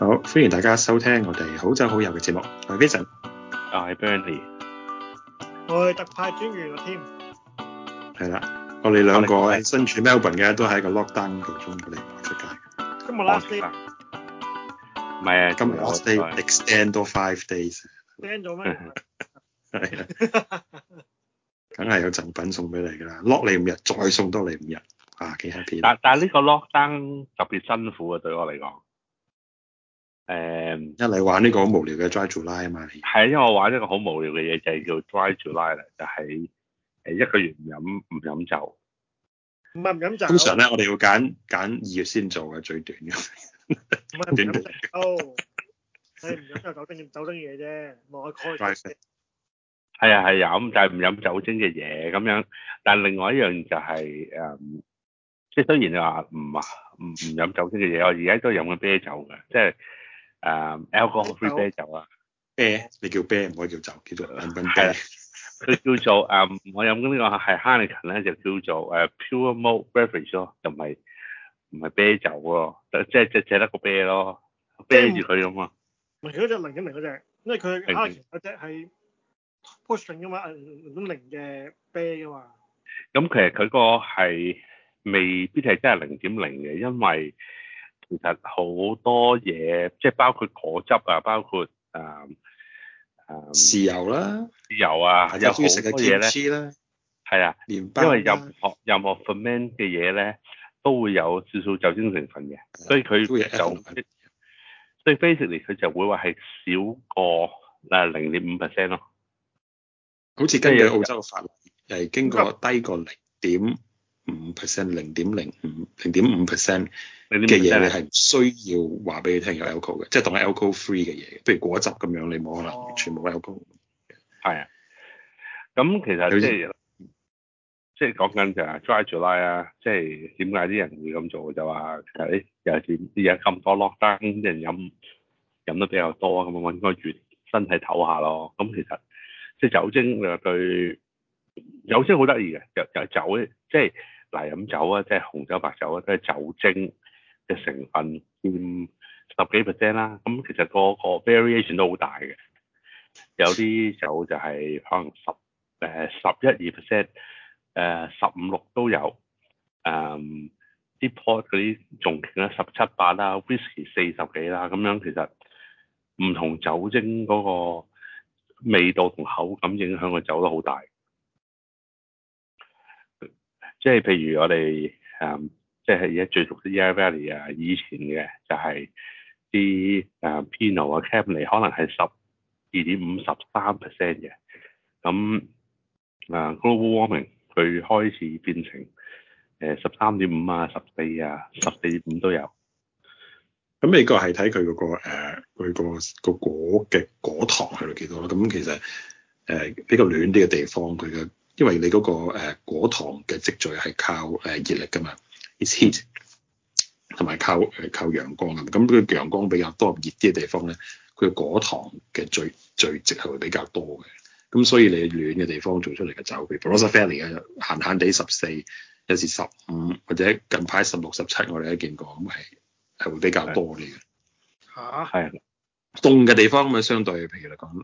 好，歡迎大家收聽我哋好酒好友嘅節目。我係 Vincent，我係 Bernie，我係特派專員啊添。係啦，我哋兩個喺身處 Melbourne 嘅都喺個 lockdown 當中，唔俾我出街。今日 lockdown？唔係，今日 lockdown extend 到 five days。extend 咗咩？係啊，梗係有贈品送俾你噶啦，lock 你五日，再送多你五日啊，幾 happy！但但係呢個 lockdown 特別辛苦啊，對我嚟講。誒、um,，一嚟玩呢個好無聊嘅 Dry July 啊嘛，係啊，因為我玩一個好無聊嘅嘢，就係、是、叫 Dry July，就係誒一個月唔飲唔飲酒，唔係唔飲酒。通常咧，我哋要揀揀二月先做嘅最短嘅，唔係唔飲酒， 哦、你唔飲酒就 酒精嘅酒精嘢啫，冇啊，改咗。係啊係飲，但係唔飲酒精嘅嘢咁樣。但係另外一樣就係、是、誒、嗯，即係雖然你話唔唔唔飲酒精嘅嘢，我而家都飲嘅啤酒嘅，即係。誒、um,，alcohol-free 啤酒啊，啤，你叫啤唔可以叫酒，叫做冷佢叫做誒，um, 我飲嗰、這個、呢個係 Harrington 咧，就叫做誒、uh, pure malt beverage 咯，就唔係唔係啤酒咯，即係只只得個啤咯，啤住佢咁啊。咪嗰隻零點零嗰隻，因為佢 Harrington 嗰隻係 pushing 噶嘛，零點零嘅啤噶嘛。咁其實佢個係未必係真係零點零嘅，因為。其實好多嘢，即係包括果汁啊，包括啊、嗯，豉油啦，豉油啊，有好多嘢咧，係啊，啊，因為任何任何 ferment 嘅嘢咧，都會有少少酒精成分嘅、啊，所以佢有。所以 basically 佢就會話係少過嗱零點五 percent 咯，好似根據澳洲嘅法律係經過低過零點。五 percent 零點零五零點五 percent 嘅嘢，你係唔需要話俾你聽有 alcohol 嘅，即、就、係、是、當係 alcohol free 嘅嘢，譬如果汁咁樣，你冇可能全部 alcohol。係、哦、啊，咁其實即係即係講緊就係、是就是就是、Dry July 啊，即係點解啲人會咁做就話，誒有時而家咁多 lockdown，啲人飲飲得比較多啊，咁我應該注意身體唞下咯。咁其實即係、就是、酒精又對。有啲好得意嘅，有有酒即係嗱飲酒啊，即係紅酒、白酒啊，即係酒精嘅成分佔十幾 percent 啦。咁其實個個 variation 都好大嘅，有啲酒就係可能十誒十一二 percent，誒十五六都有。誒啲 pot 嗰啲仲勁啦，十七八啦，whisky 四十幾啦，咁樣其實唔同酒精嗰個味道同口感影響嘅酒都好大。即係譬如我哋誒、嗯，即係而家最熟啲 Yarra Valley 啊，以前嘅就係啲誒 Pinot 啊 c a 可能係十二點五十三 percent 嘅，咁啊 global warming 佢開始變成誒十三點五啊，十四啊，十四點五都有。咁美國係睇佢嗰個誒佢個個果嘅果糖係幾多咯？咁其實誒、呃、比較暖啲嘅地方佢嘅。因為你嗰個果糖嘅積聚係靠誒熱力㗎嘛，it's heat，同埋靠誒靠陽光啊。咁佢陽光比較多熱啲嘅地方咧，佢果糖嘅聚聚積係會比較多嘅。咁所以你暖嘅地方做出嚟嘅酒，譬如 Barossa Valley 嘅、啊，閒閒地十四，有時十五或者近排十六十七，我哋都見過，咁係係會比較多啲嘅。嚇係。啊凍嘅地方咁、呃、啊，相對譬如嚟講，誒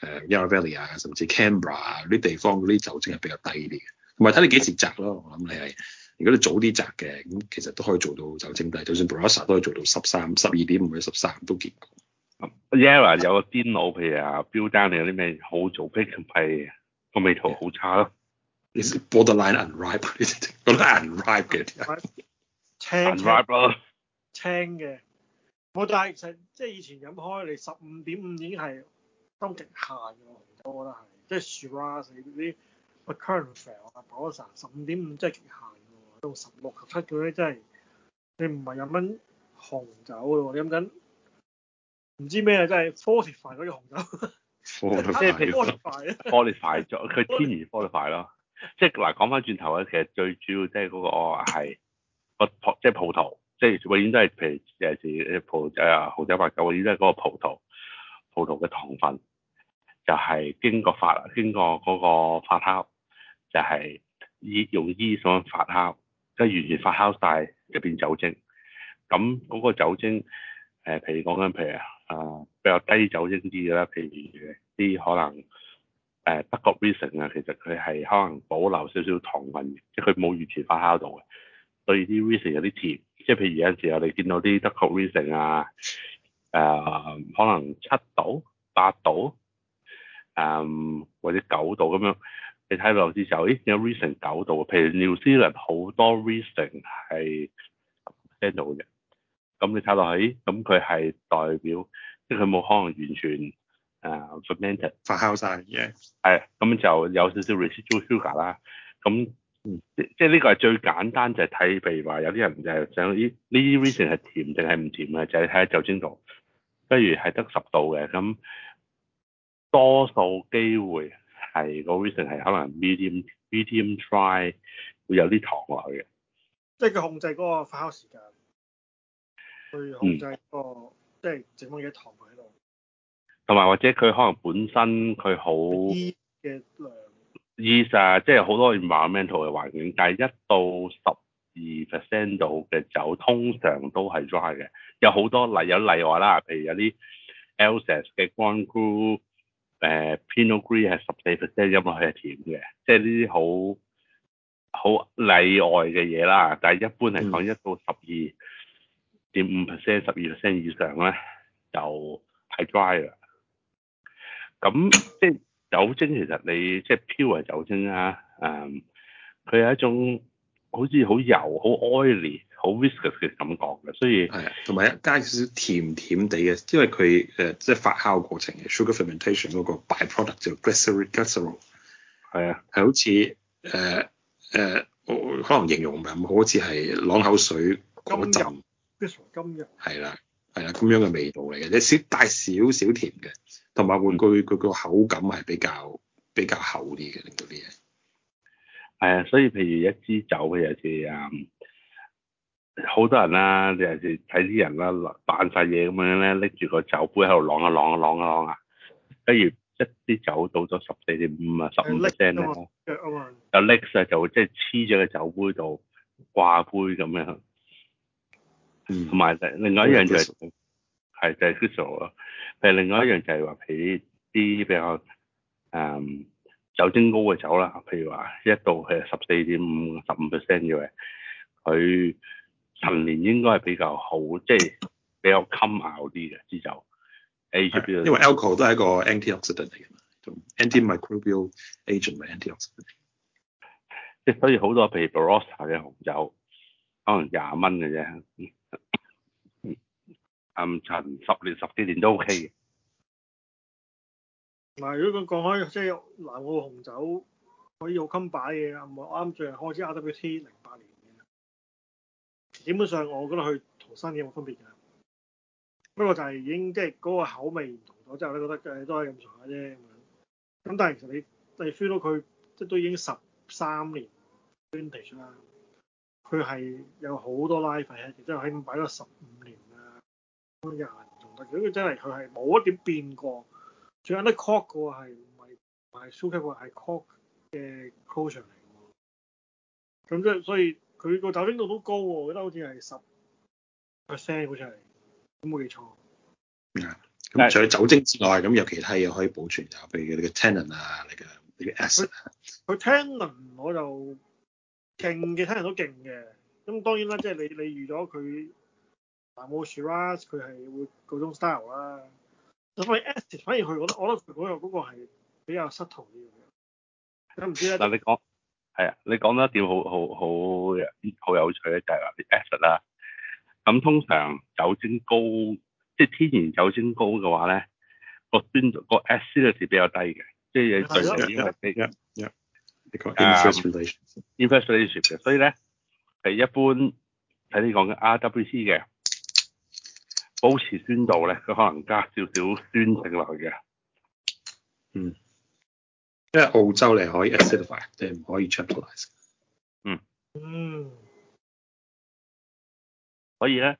誒，Yarra Valley 啊，甚至 Canberra 啊，啲地方嗰啲、mm -hmm. 酒精係比較低啲嘅，同埋睇你幾時摘咯。我諗你係，如果你早啲摘嘅，咁其實都可以做到酒精低。就算 Barossa 都可以做到十三、十二點五到十三都見過。Yarra 有個電腦？譬如啊，b u i l d Down 你有啲咩好做 picking 係個味好差咯。It's borderline unripe？p e 我諗 unripe 嘅。u n r i p e l 青嘅。我但係其實即係以前飲開你十五點五已經係當極限嘅喎，我覺得係即係樹蛙嗰啲 fortified 啊、balsam 十五點五真係極限喎，到十六、十七嘅咧，真係你唔係飲緊紅酒咯，飲緊唔知咩啊，真係 fortified 嗰啲紅酒，即係譬如 fortified fortified 佢天然 fortified 咯，即係嗱講翻轉頭咧，其實最主要即係嗰個我係即係葡萄。即係永遠都係，譬如有時誒葡誒紅酒白酒，永遠都係嗰個葡萄葡萄嘅糖分，就係、是、經過發經過嗰個發酵，就係、是、依用依種發酵，即、就、係、是、完全發酵晒就變酒精。咁嗰個酒精誒，譬、呃、如講緊譬如啊、呃、比較低酒精啲嘅啦，譬如啲可能誒、呃、德國 riesling 啊，其實佢係可能保留少少糖分，即係佢冇完全發酵到嘅，所以啲 riesling 有啲甜。即係譬如有陣時我哋見到啲德國 Riesling 啊，誒、呃、可能七度、八度、誒、呃、或者九度咁樣，你睇落去之時候，咦，有 Riesling 九度？譬如 New Zealand 好多 Riesling 係七度嘅，咁你睇落去，咦咁佢係代表即係佢冇可能完全誒 fermented 發酵晒嘅，係咁、嗯、就有少少 residual sugar 啦，咁。嗯，即即呢個係最簡單，就係、是、睇，譬如話有啲人就係想呢呢啲 Riesling 係甜定係唔甜嘅，就係睇下酒精度。不如係得十度嘅，咁多數機會係、嗰個 Riesling 係可能 medium medium dry 會有啲糖落去嘅、嗯。即係佢控制個發酵時間，去控制個即係剩返嘅糖喺度。同埋或者佢可能本身佢好，嘅 y e、啊、即係好多 environmental 嘅環境，但係一到十二 percent 度嘅酒，通常都係 dry 嘅。有好多例有例外啦，譬如有啲 Alsace 嘅乾 Pinot Gris 係十四 percent，因為佢係甜嘅，即係呢啲好好例外嘅嘢啦。但係一般嚟講，一到十二點五 percent、十二 percent 以上咧，就係、是、dry 啦。咁即係。酒精其實你即係 pure 酒精啊，誒、嗯，佢係一種好似好油、好 oily、好 viscous 嘅感覺嘅，所以係啊，同埋一加少少甜甜地嘅，因為佢誒即係發酵過程嘅 sugar fermentation 嗰個 byproduct 就 glycerol，係啊，係好似誒誒，呃呃、可能形容唔係咁好，好似係朗口水嗰陣，係啦係啦，咁樣嘅味道嚟嘅，你少帶少少甜嘅。同埋換句佢個口感係比較比較厚啲嘅，令到啲嘢。係啊，所以譬如一支酒，譬如、嗯、啊，好多人啦、啊，就係睇啲人啦，扮晒嘢咁樣咧，拎住個酒杯喺度啷啊啷啊啷啊啷啊，不如一支酒到咗十四點五啊，十五 percent 咧，就拎曬就會即係黐咗個酒杯度掛杯咁樣。同埋另外一樣就係、是。嗯嗯嗯係就係 Crystal 咯。誒，另外一樣就係話，嗯，譬如啲比較誒酒精高嘅酒啦，譬如話一度係十四點五、十五 percent 嘅，佢陳年應該係比較好，mm -hmm. 即係比較襟咬啲嘅支酒。係，yeah. 因為 alcohol 都係一個 antioxidant 嚟嘅嘛，antimicrobial agent 咪 antioxidant。即係所以好多譬如 Barossa 嘅紅酒，可能廿蚊嘅啫。暗、嗯、陳十年、十幾年都 OK 嘅。嗱，如果佢講開即係南澳紅酒可以有襟擺嘅，我啱最近開支 RWT 零八年嘅，基本上我覺得佢同新嘅有冇分別㗎？不過就係已經即係嗰個口味唔同咗之後你覺得都係咁上下啫咁樣。咁但係其實你你 feel 到佢即係都已經十三年 Vintage 啦，佢係有好多拉費嘅，亦都係咁擺咗十五年。廿年仲得，如果佢真係佢係冇一點變過，最緊啲 cork 個唔係 super 個係 cork 嘅 closure 嚟？咁即係所以佢個酒精度都高喎，我覺得好似係十 percent 好似係，咁冇記錯。係啊，咁除咗酒精之外，咁有其他嘢可以保存啊？譬如你嘅 tannin 啊，你嘅嗰啲 a 佢 tannin 我就勁嘅，tannin 都勁嘅。咁當然啦，即係你你預咗佢。但阿 Shiraz 佢係會各種 style 啦、啊。咁阿 S 反而佢覺得，我覺得嗰樣嗰個係比較 subtle 啲嘅。咁唔知咧？嗱，你講係啊，你講得點好好好好有趣咧，就係話啲 acid 啦。咁通常酒精高，即係天然酒精高嘅話咧，個酸個 acidity 比較低嘅，即係純粹因為而家一的確啊 i n f a t u c t u r e 嘅，所以咧係一般睇你講嘅 RWC 嘅。保持酸度咧，佢可能加少少酸性落去嘅，嗯，因為澳洲你可以 acidify，即係唔可以 champagne 嗯，嗯，嗯、就是，所以咧，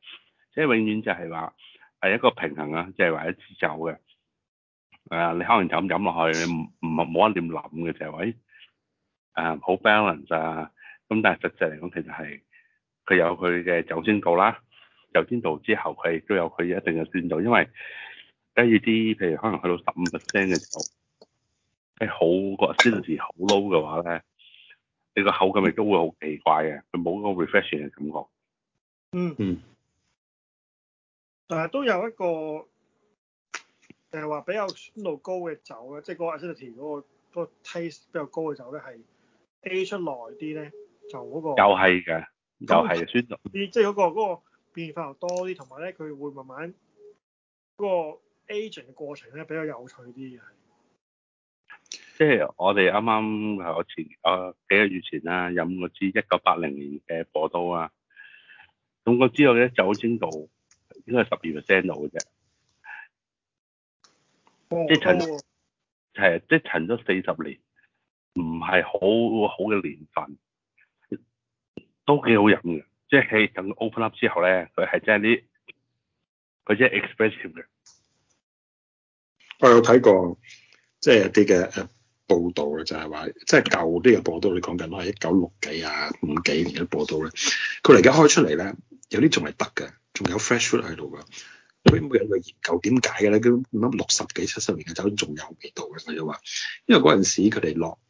即係永遠就係話係一個平衡啊，即係話啲酒嘅、啊，你可能就咁飲落去，你唔唔冇冇一點諗嘅就係、是、話，誒、啊，好 balance 啊，咁但係實際嚟講，其實係佢有佢嘅酒酸度啦。有甜度之後，佢亦都有佢一定嘅酸度，因為跟住啲譬如可能去到十五 percent 嘅時候，係、欸、好個 acidity 好 low 嘅話咧，你個口感亦都會好奇怪嘅，佢冇個 refreshing 嘅感覺。嗯嗯。但係都有一個誒話、就係、比較酸度高嘅酒咧，即係嗰個 acidity 嗰、嗰個嗰個 taste 比較高嘅酒咧，係 a 出來啲咧，就嗰、嗰個。又係嘅，又係酸度。即係嗰個、嗰個變化又多啲，同埋咧佢會慢慢嗰個 a g e n t 嘅過程咧，比較有趣啲嘅。即係我哋啱啱我前我幾個月前啦飲嗰支一九八零年嘅波多啊，咁我知道嘅酒精度應該係十二 percent 度嘅啫，即係陳係即係陳咗四十年，唔係好好嘅年份，都幾好飲嘅。即係等 open up 之後咧，佢係真係啲，佢真係 expressive 嘅。我有睇過，即係有啲嘅誒報道嘅，就係話，即係舊啲嘅報道，你講緊啦係一九六幾啊五幾年嘅報道咧。佢而家開出嚟咧，有啲仲係得嘅，仲有 fresh food 喺度㗎。佢冇有去研究點解嘅咧？佢六十幾七十年嘅酒仲有味道嘅，就話因為嗰陣時佢哋落。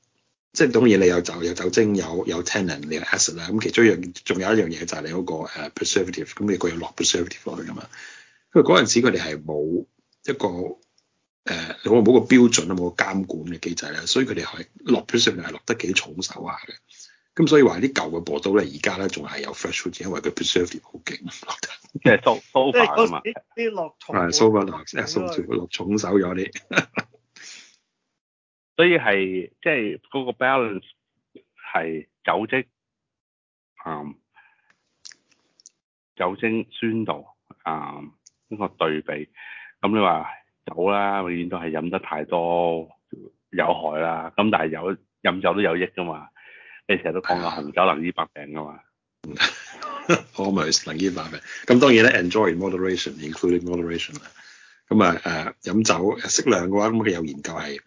即係當然，你有酒有酒精，有有 tannin，你有 acid 啦。咁其中一樣仲有一樣嘢，就係你嗰個 preservative。咁你佢有落 preservative 落去㗎嘛？因為嗰陣時佢哋係冇一個誒，我、呃、冇個標準啊，冇個監管嘅機制啦。所以佢哋係落 preservative 係落得幾重手啊。咁所以話啲舊嘅薄刀咧，而家咧仲係有 fresh food，因為佢 preservative 好勁，落得即係刀刀法啊嘛！啲落重落重手咗啲。 所以係即係嗰個 balance 係酒精、嗯，酒精酸度啊，一、嗯這個對比咁。你話酒啦，永遠都係飲得太多有害啦。咁但係有飲酒都有益㗎嘛。你成日都講話紅酒能醫百病㗎嘛。Almost，能醫百病。咁當然咧，enjoy moderation，including moderation 啦 moderation。咁啊誒飲酒適量嘅話，咁佢有研究係。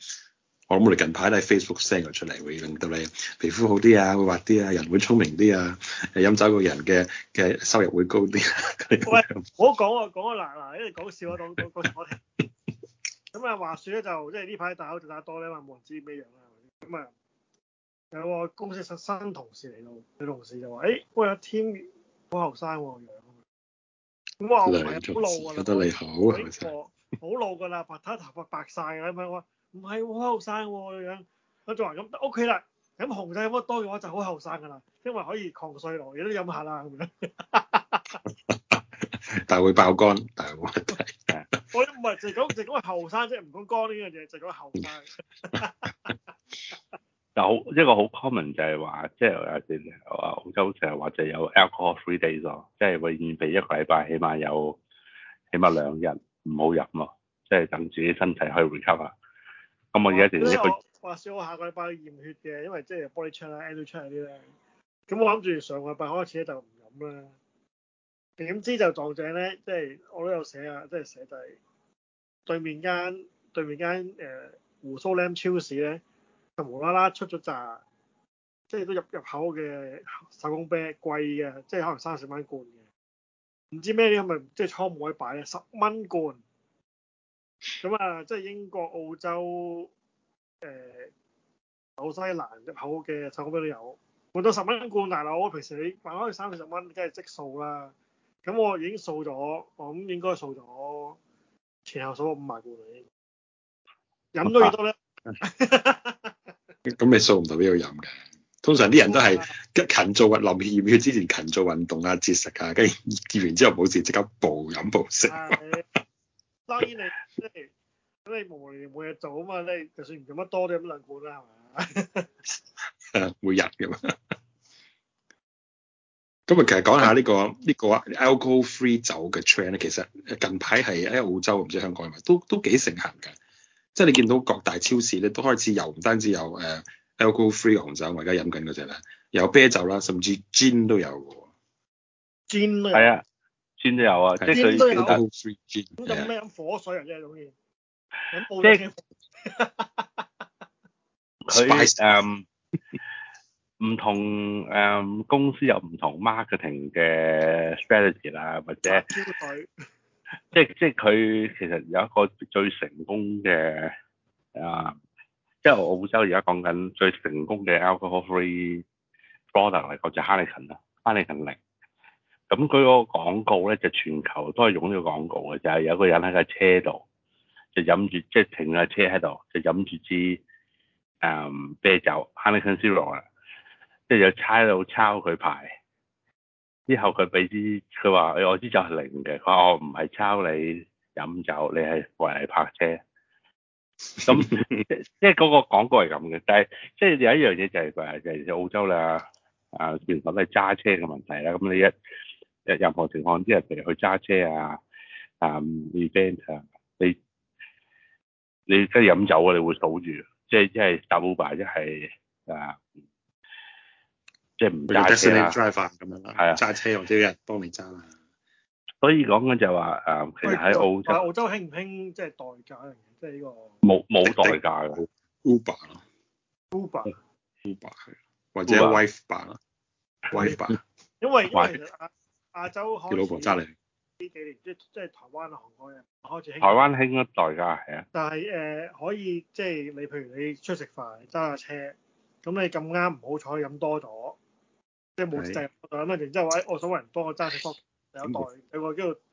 我我哋近排都係 Facebook send 咗出嚟，會令到你皮膚好啲啊，會滑啲啊，人會聰明啲啊，飲酒個人嘅嘅收入會高啲啊。他們會喂，我講啊講啊嗱嗱，因為講笑啊講講講我咁啊話説咧，就即係呢排大口食得多咧，咁冇人知咩樣啊。咁啊，有個公司新新同事嚟到，佢同事就話，誒、欸，我有 t e 好後生喎，樣。咁啊，我唔係好老啦，覺得，得你好啊。好老㗎啦，白頭髮白曬㗎咁樣。唔係好後生喎咁樣，我仲話咁 OK 啦。咁紅仔飲得多嘅話就好後生㗎啦，因為可以抗衰老，亦都飲下啦咁樣 但係會爆肝，大問題。 我唔係 就係講就講後生啫，唔講肝呢樣嘢，就講後生。就好一個好 common 就係話，即係話先話澳洲成日話就有 Alcohol Three Days 咯，即係永遠俾一個禮拜，起碼有起碼兩日唔好飲咯，即係等自己身體可以 recover 啊。因、嗯、為我，我話笑我下個禮拜驗血嘅，因為即係玻璃窗啦、LED 窗嗰啲咧。咁我諗住上個禮拜開始咧就唔飲啦。點知就撞正咧，即、就、係、是、我都有寫啊，即、就、係、是、寫在、就是、對面間對面間誒胡蘇蘭超市咧，就無啦啦出咗扎，即係都入入口嘅手工啤，貴嘅，即係可能三十蚊罐嘅，唔知咩啲係咪即係倉可以擺咧，十、就、蚊、是就是、罐。咁啊，即係英國、澳洲、誒、呃、紐西蘭入口嘅酒杯都有，換到十蚊罐大佬，我平時你買開三四十蚊，梗係積數啦。咁我已經數咗，我應該數咗前後數五萬罐，你飲咗幾多呢？咁你數唔到邊個飲嘅？通常啲人都係勤做林獻與之前勤做運動啊、節食啊，跟住戒完之後冇事即刻暴飲暴食。暴 當然你即係咁你無無聊冇嘢做啊嘛，你就算唔飲乜多啲咁兩罐啦，係咪每日嘅嘛。咁啊，其實講下呢、呢個呢、嗯呢個啊，alcohol-free 酒嘅 trend 咧，其實近排係喺澳洲唔知香港係咪都都幾盛行㗎。即係你見到各大超市咧都開始有，唔單止有誒 alcohol-free 紅酒，我而家飲緊嗰隻咧，有啤酒啦，甚至 GIN 都有喎。GIN 都係啊。先都有啊，即係佢其實咩咁火水人、啊、啫，好似即係佢誒唔同誒、嗯、公司有唔同 marketing 嘅 strategy 啦，或者、啊、即即係佢其實有一個最成功嘅啊，即係澳洲而家講緊最成功嘅 alcohol-free product 嚟，就係 Heineken 啦，Heineken 零。咁佢嗰個廣告咧，就全球都係用呢個廣告嘅，就係、是、有個人喺架車度，就飲住即係停架車喺度，就飲住支誒、嗯、啤酒 Heineken Zero 啊，即係就差佬抄佢牌，之後佢俾支，佢話、哎：我支酒係零嘅，佢話我唔係抄你飲酒，你係為嚟泊車。咁即係嗰個廣告係咁嘅，但係即係有一樣嘢就係、是、話，就係、澳洲啦，啊，全部都係揸車嘅問題啦。咁你一任何情況，即係譬如去揸車啊，嗯，event 啊，你你即係飲酒啊，你會堵住，即係即係打 Uber，一係即係唔揸車啦。唔得先，你揸翻咁樣揸車、啊、或者日，幫你揸啊。所以講緊就話誒，其實喺澳洲，但澳洲興唔興即係代駕嚟，即係呢個冇冇代駕嘅 Uber，Uber，Uber 係，Uber, Uber, 或者 w a f e 版 w i f e 因為 亞洲老婆揸你呢幾年即即係台灣、韓國人開始興，台灣興一代噶係啊。但係誒，可以即係你，譬如你出去食飯揸下車，咁你咁啱唔好彩飲多咗，即係冇制咁啊！然之後我我周圍人幫我揸車多，有代有喎，叫做呢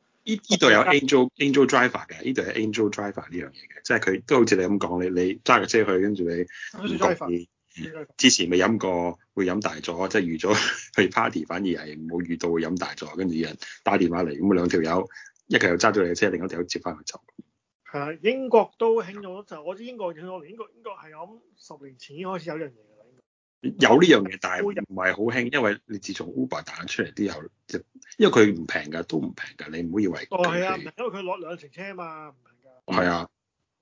呢度有 Angel Angel Driver 嘅，呢度係 Angel Driver 呢樣嘢嘅，即係佢都好似你咁講，你你揸架車去跟住你嗯、之前未飲過，會飲大咗，即係遇咗去 party，反而係冇遇到會飲大咗，跟住人打電話嚟，咁啊兩條友，一個又揸到你嘅車，另一條友接翻佢走。係啊，英國都興咗就，我知道英國興咗年，英國英國係我諗十年前已經開始有呢樣嘢噶啦，應該有呢樣嘢，但係唔係好興，因為你自從 Uber 彈出嚟之後，因為佢唔平㗎，都唔平㗎，你唔好以為哦係啊，因為佢攞兩程車啊嘛，唔係㗎。係啊，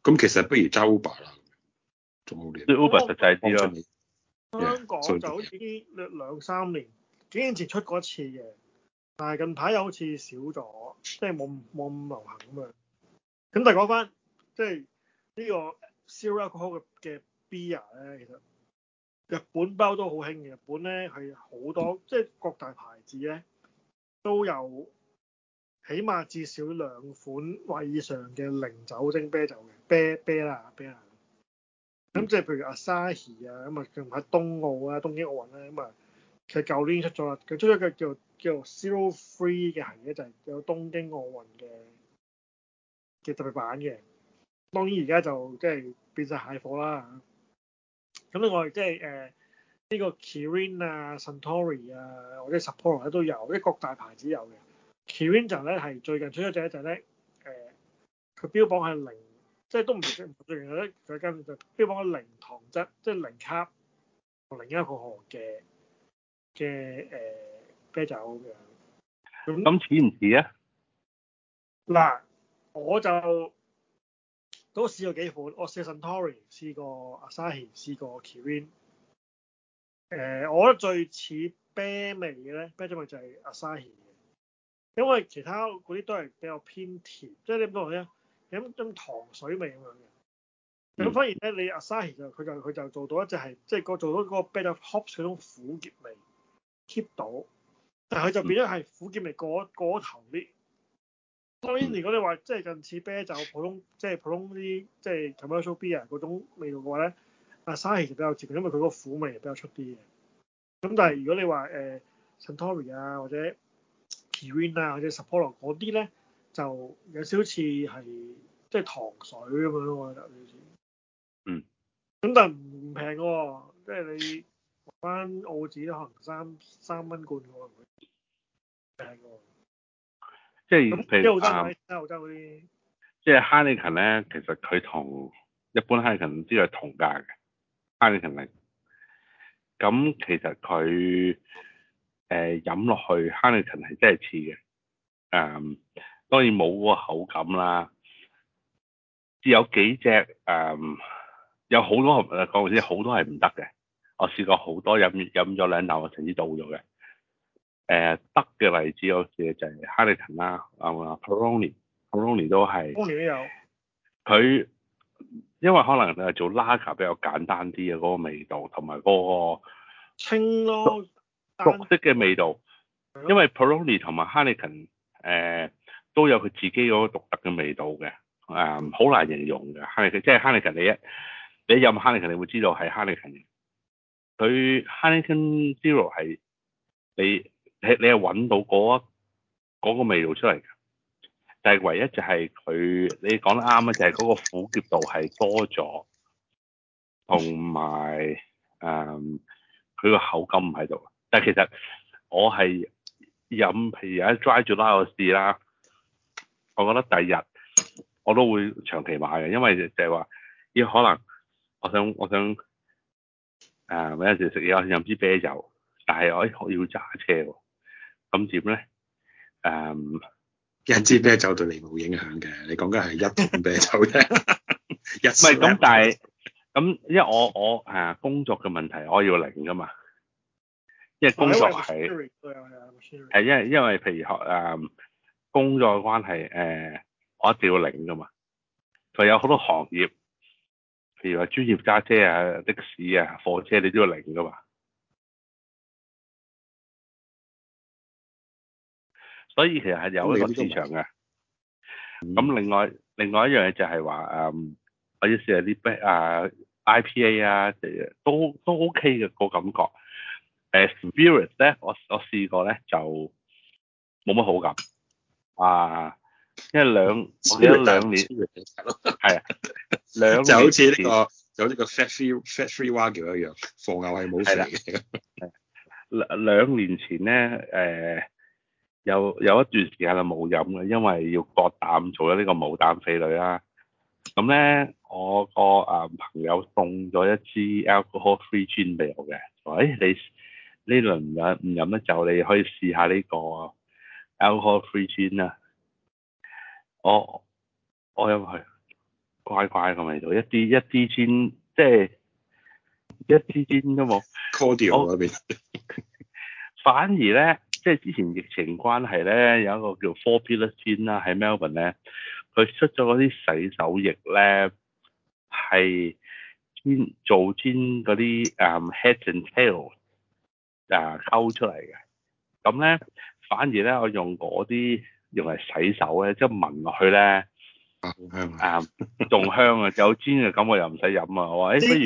咁其實不如揸 Uber 啦。香港就呢啲兩三年幾年前出過一次嘅，但係近排又好似少咗，即係冇冇咁流行咁樣。咁但係講翻，即係呢個 zero alcohol 嘅 beer 咧，其實日本包都好興嘅。日本咧係好多，即係各大牌子咧都有，起碼至少兩款或以上嘅零酒精啤酒嘅啤啤啦，啤啦。咁即係譬如阿 Asahi 啊，咁啊佢唔係東奧啊，東京奧運啦，咁啊其實舊年出咗啦，佢出咗個叫叫 Zero Free 嘅系列，就係、是、有東京奧運嘅嘅特別版嘅。當然而家就即係變晒蟹貨啦。咁另外即係誒呢個 Kirin 啊、Suntory 啊或者 Sapporo 咧都有，一各大牌子有嘅。Kirin 咧係最近出咗就係咧誒佢標榜係零。即係都唔食唔對，然後咧佢間就比如講零糖質，即係零卡同另一個河嘅嘅誒啤酒咁樣。咁似唔似咧？嗱，我就都試過幾款，我試過 Suntory，試過 Asahi，試過 Kirin。誒、呃，我覺得最似啤味嘅咧，啤酒味就係 Asahi 嘅，因為其他嗰啲都係比較偏甜，即係點講咧？咁咁糖水味咁樣嘅，咁反而咧，你 Asahi 就佢就佢就做到一隻係即係個做到嗰個 Bed of hops 嗰種苦澀味 keep 到，但係佢就變咗係苦澀味過過頭啲。當然如果你話即係近似啤酒普通即係普通啲即係 commercial beer 嗰種味道嘅話咧，Asahi 就比較接近，因為佢個苦味比較出啲嘅。咁但係如果你話誒 Suntory 啊或者 Kirin 啊或者 Sapporo 嗰啲咧。就有少少似係即係糖水咁樣，我覺得好似。嗯。咁、啊、但係唔平喎，即係你買澳紙可能三三蚊罐喎。即係即係澳洲嗰啲。即係 Heineken 咧，其實佢同一般 Heineken 唔知係同價嘅。Heineken 嚟。咁其實佢誒飲落去，Heineken 係真係似嘅。嗯。當然冇嗰個口感啦、嗯，只有幾隻誒，有好多誒講好似好多係唔得嘅。我試過好多飲飲咗兩啖，我甚至倒咗嘅。誒、呃、得嘅例子有嘅就係哈利頓啦，啊，Peroni，Peroni 都係。Peroni, Peroni 都有。佢因為可能誒做 Lager 比較簡單啲嘅嗰個味道同埋嗰個清咯，綠色嘅味道，嗯。因為 Peroni 同埋哈利頓誒。都有佢自己嗰個獨特嘅味道嘅，誒好難形容嘅。係即係 Heineken 你一你飲 Heineken 你會知道係 Heineken，佢 Heineken Zero 係你你係搵到嗰、那、嗰、個那個味道出嚟嘅，但係唯一就係佢你講得啱啊，就係、是、嗰個苦澀度係多咗，同埋誒佢個口感唔喺度。但係其實我係飲譬如一 dry zuvios 啦。我覺得第日我都會長期買嘅，因為就係話要可能我想我想誒，有陣時食嘢，我想飲支、呃、啤酒，但係我我要揸車喎，咁點咧？誒，一支啤酒對你冇影響嘅，你講緊係一桶啤酒啫，唔係咁， 但係咁因為我我誒、啊、工作嘅問題，我要零㗎嘛，因為工作係係因為因為，因為譬如學誒。呃工作嘅關係，誒、呃，我一定要領噶嘛。佢有好多行業，譬如話專業揸車啊、的士啊、貨車，你都要領噶嘛。所以其實係有一個市場嘅。咁另外另外一樣嘢就係話，嗯，我要試下啲啤啊、IPA 啊，都都 OK 嘅、那個感覺。誒、呃，Spirit 咧，我我試過咧就冇乜好感。啊，因為兩我而兩年係啊，兩 就好似呢、這個有呢個 s a t free fat free wine 一樣，放牛係冇事。兩兩年前咧，誒、呃，有有一段時間就冇飲嘅，因為要割膽做咗呢個無膽肥女啦、啊。咁咧，我個朋友送咗一支 alcohol free gin 俾我嘅，喂、哎、你呢輪唔飲唔飲得酒，你可以試下呢、這個。Alcohol free 煎啊！我我有係怪怪個味道，一啲一啲煎即係一啲煎都冇。Cordial 嗰邊 反而咧，即係之前疫情關係咧，有一個叫 Four Pillars 煎啦，喺 Melbourne 咧，佢出咗嗰啲洗手液咧係煎做煎嗰啲啊 head and tail 啊溝出嚟嘅，咁咧。反而咧，我用嗰啲用嚟洗手咧，即係聞落去咧，啊，仲香啊，仲香啊， 有 gin 嘅感覺又唔使飲啊，我話誒，雖、哎、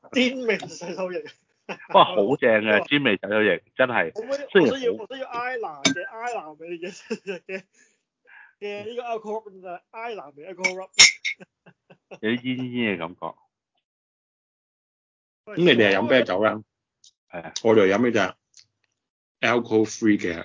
然，煎味洗手液， 不過好正啊。煎味洗手液，真係，我都要我都要愛爾蘭嘅，愛爾蘭嘅嘅嘅呢個 alcohol 唔係，愛爾蘭嘅 alcohol 有啲煙煙嘅感覺。咁 你哋係飲啤酒啦，係 啊，我哋係飲咩啫？alcohol free 嘅。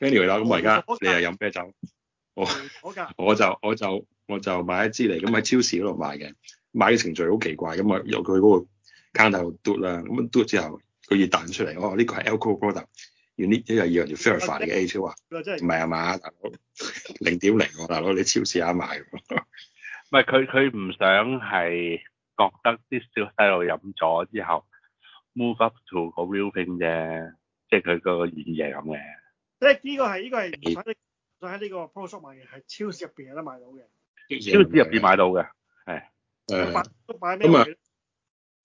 Anyway 啦，咁我而家你又飲啤酒？嗯、我、嗯、我就我就我就買一支嚟，咁、嗯、喺超市嗰度買嘅。買嘅程序好奇怪，咁啊入佢嗰個 account 度 do 啦，咁 do 之後佢要彈出嚟，哦呢、呢個係 alcohol product，d 要呢一樣要條 fairer 嘅 age 啊？唔係啊嘛，大佬零點零，我大佬你超市下買，唔係佢佢唔想係覺得啲小細路飲咗之後 move up to 個 real thing 啫，即係佢個意義咁嘅。呢、這個係呢、這個係唔使喺呢個 Pro Shop 買嘅，係超市入邊有得買到嘅。超市入邊、嗯、買到嘅，係咩？咁、嗯嗯、 即是 Mexer,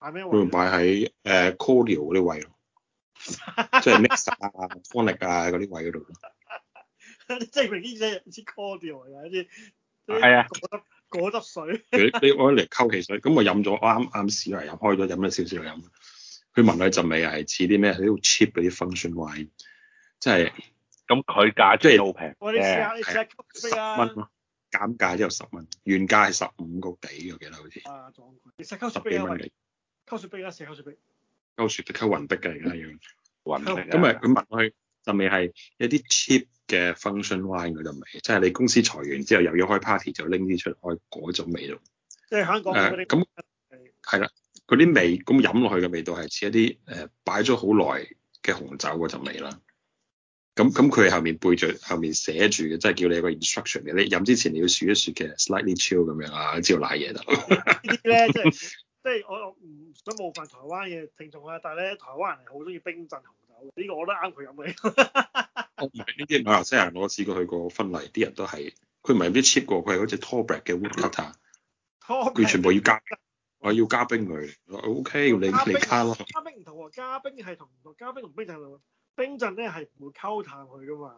啊， 啊，買咩位？佢買喺誒 Cordial 嗰啲位咯，即係 Mixer 啊、Tonic 啊嗰啲位嗰度咯。即係明顯即係唔似 Cordial 啊，啲係啊，果汁果汁水。 你你我嚟溝汽水，咁我飲咗，我啱啱試嚟飲開咗，飲咗少少又飲。佢聞落嚟陣味係似啲咩？佢好 cheap 嗰啲 function 位，即係。咁佢價即係好平。我哋試下，你試下溝水碧啊！十蚊咯，減價之後十蚊，原價係十五個幾，我記得好似。啊！撞鬼！你試下溝水碧啊！溝水碧啦、啊，四、啊，下溝水碧、啊。溝水碧溝雲碧㗎，而家要雲。咁咪佢聞落去就味係一啲 cheap 嘅 function wine 嗰陣味，即係你公司裁員之後又要開 party 就拎啲出開嗰種味道。即係香港咁係啦，嗰啲味，咁飲落去嘅味道係似一啲誒擺咗好耐嘅紅酒嗰陣味啦。咁咁佢後面背住後面寫住嘅，即係叫你一個 instruction 嘅。你飲之前你要説一説嘅，slightly chill 咁樣啊，你知道瀨嘢啦。呢啲咧即係即係我唔想冒犯台灣嘅聽眾啊，但係咧台灣人係好中意冰鎮紅酒呢、呢個我都啱佢飲嘅。唔係呢啲馬來西亞，我試過去過婚禮，啲人都係佢唔係啲 cheap 喎，佢係嗰隻 tobac 嘅 wood cutter，佢全部要加，我要加冰佢。OK，你嚟嚟攤咯。加冰唔同喎，加冰係同加冰同，同加冰鎮紅。冰鎮咧係唔會溝淡佢噶嘛，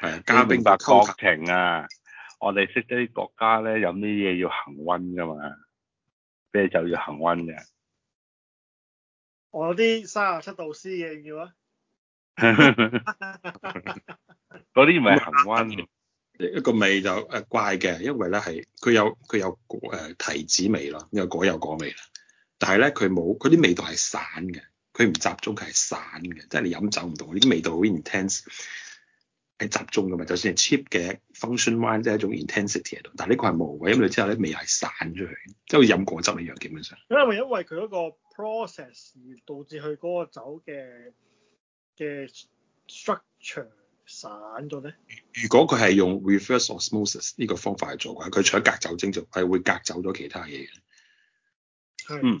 係啊，加冰白國情啊，我哋識得啲國家咧飲啲嘢要恒温噶嘛，啤酒要恒温嘅。我有啲三十七度 C 嘅要啊，嗰啲唔係恒温，一 一個味就誒怪嘅，因為咧係佢有佢有誒、呃、提子味囉，因為有果有果味啦，但係咧佢冇佢啲味道係散嘅。佢唔集中，佢係散嘅，即係你飲酒唔到，呢啲味道好 intense，係集中嘅嘛。就算係 cheap 嘅 function wine，即係一種 intensity 喺度，但係呢個係無味。飲咗之後咧，味係散咗佢，即係飲果汁一樣，基本上。咁係因為佢嗰個 process 而導致佢嗰個酒嘅嘅 structure 散咗咧？如果佢係用 reverse osmosis 呢個方法去做嘅，佢除咗隔酒精就係會隔走咗其他嘢嘅。嗯。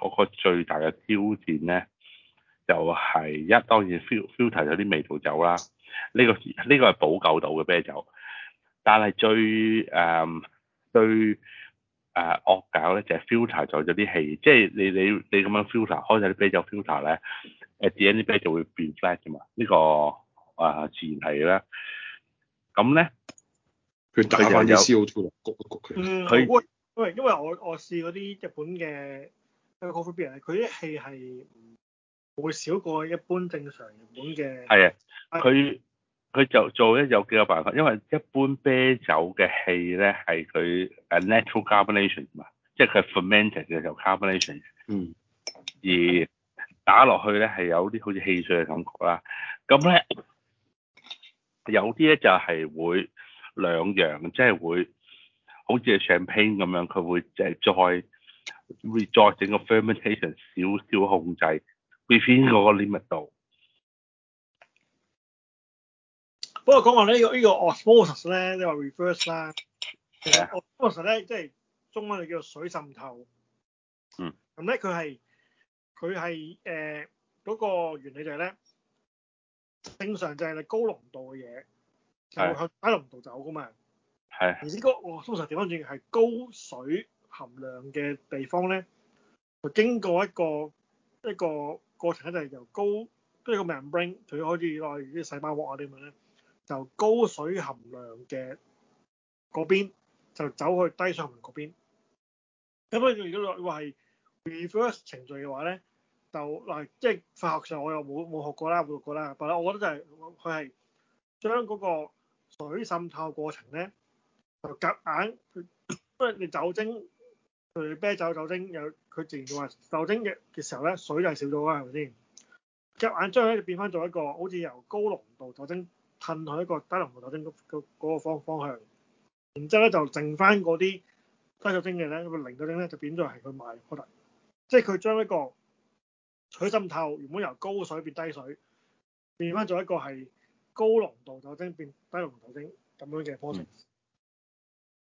我、嗰個最大嘅挑戰咧，就係、是、一當然 filter 咗啲味道走啦。呢、這個呢係、這個、補救到嘅啤酒，但係最誒、嗯、最誒、呃、惡搞咧就係、是、filter 咗咗啲氣，即係你你你咁樣 filter 開咗啲啤酒 filter 咧，誒啲啲啤酒會變 flat 㗎嘛？呢、這個啊、呃、自然係啦。咁咧佢打返啲 CO2 焗佢。嗯，因為因為我我試啲日本嘅。一個好苦啤，佢啲氣係會少過一般正常日本嘅。係啊，佢佢就做咧，有幾個辦法，因為一般啤酒嘅氣咧係佢誒 natural carbonation 嘛，即係佢 fermented 嘅就 carbonation。嗯。而打落去咧係有啲好似汽水嘅感覺啦。咁咧有啲咧就係會兩樣，即係會好似嘅 champagne 咁樣，佢會再。r 會再整個 fermentation 少少控制，within 我個 limit 度。不過講話呢個呢、呢個 osmosis 咧，你話 reverse 啦，其實 osmosis 咧即係中文就叫做水滲透。嗯。咁咧佢係佢係誒嗰個原理就係、係、咧，正常就係高濃度嘅嘢，就會向低濃度走噶嘛。係。而個樣呢個我 s 常調翻轉係高水含量嘅地方咧，就經過一個一個過程，就係由高，即係個 membrane，佢開始內啲細胞膜啊啲咁咧，就高水含量嘅嗰邊，就走去低水含量嗰邊。咁啊，如果話係 reverse 程序嘅話咧，就嗱，即係化學上我又冇冇學過啦，冇學過啦，但係我覺得就係佢係將嗰個水滲透過程咧，就夾硬，因為 你酒精。佢啤酒酒精有佢自然講話酒精嘅嘅時候咧，水就係少咗啦，係咪先？夾硬將咧變翻做一個好似由高濃度酒精褪去一個低濃度酒精嗰個方方向，然之後咧就剩翻嗰啲低酒精嘅咧，咁零酒精咧就變咗係佢賣可能即係佢將一個水滲透原本由高水變低水，變翻做一個係高濃度酒精變低濃度酒精咁樣嘅過程。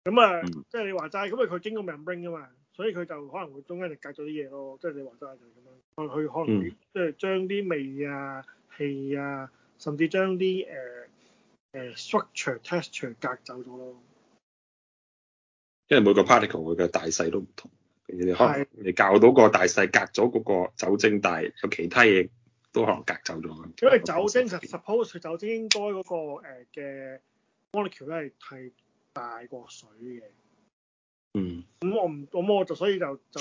咁、嗯、啊，即、嗯、係、就是、你話齋，咁啊佢經過 membrane 噶嘛。所以佢就可能會中間嚟隔咗啲嘢咯，即係你話齋就係、是、咁樣去，可能即係將啲味啊、嗯、氣啊，甚至將啲誒誒 structure texture 隔走咗咯。因為每個 particle 佢嘅大細都唔同，你哋可能嚟教到個大細隔咗嗰個酒精大，個其他嘢都可能隔走咗。因為酒精實 suppose 酒精應該嗰、那個嘅、uh, molecule 咧係係大過水嘅。嗯，咁我唔，咁我就所以就就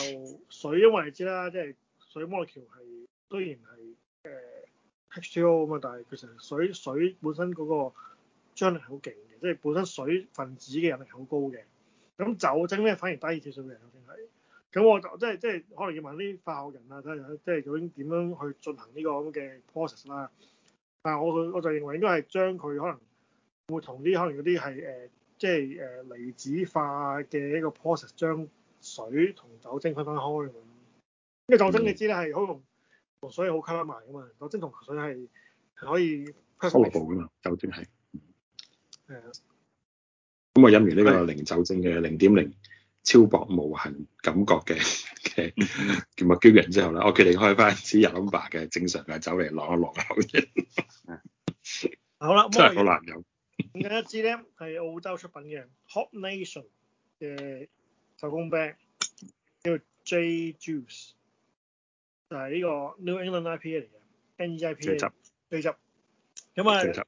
水，因為你知啦，即係水魔橋係雖然係誒 H2O 啊嘛，但係其實水水本身嗰個張力係好勁嘅，即係本身水分子嘅引力係好高嘅。咁酒精咧反而低啲，少以成日淨係咁我即係即係可能要問啲化學人啊，睇下即係究竟點樣去進行呢個咁嘅 process 啦。但係我我就認為應該係將佢可能會同啲可能嗰啲係誒。即係誒離子化嘅一個 process，將水同酒精分分開嘅。咁呢個酒精，你知啦，係好用同水好溝得埋嘅嘛？酒精同水係可以 compatible 嘅嘛？酒精係。係咁我飲完呢個零酒精嘅零點零超薄無痕感覺嘅嘅 叫麥嬌人之後咧，我決定開翻支 Ramba 嘅正常嘅酒嚟攞一攞口癮。好啦，真係好難飲。另外一支咧係澳洲出品嘅 Hop Nation 嘅手工啤，叫 J Juice，就係呢個 New England IPA 嚟嘅 NEIPA。聚集，咁啊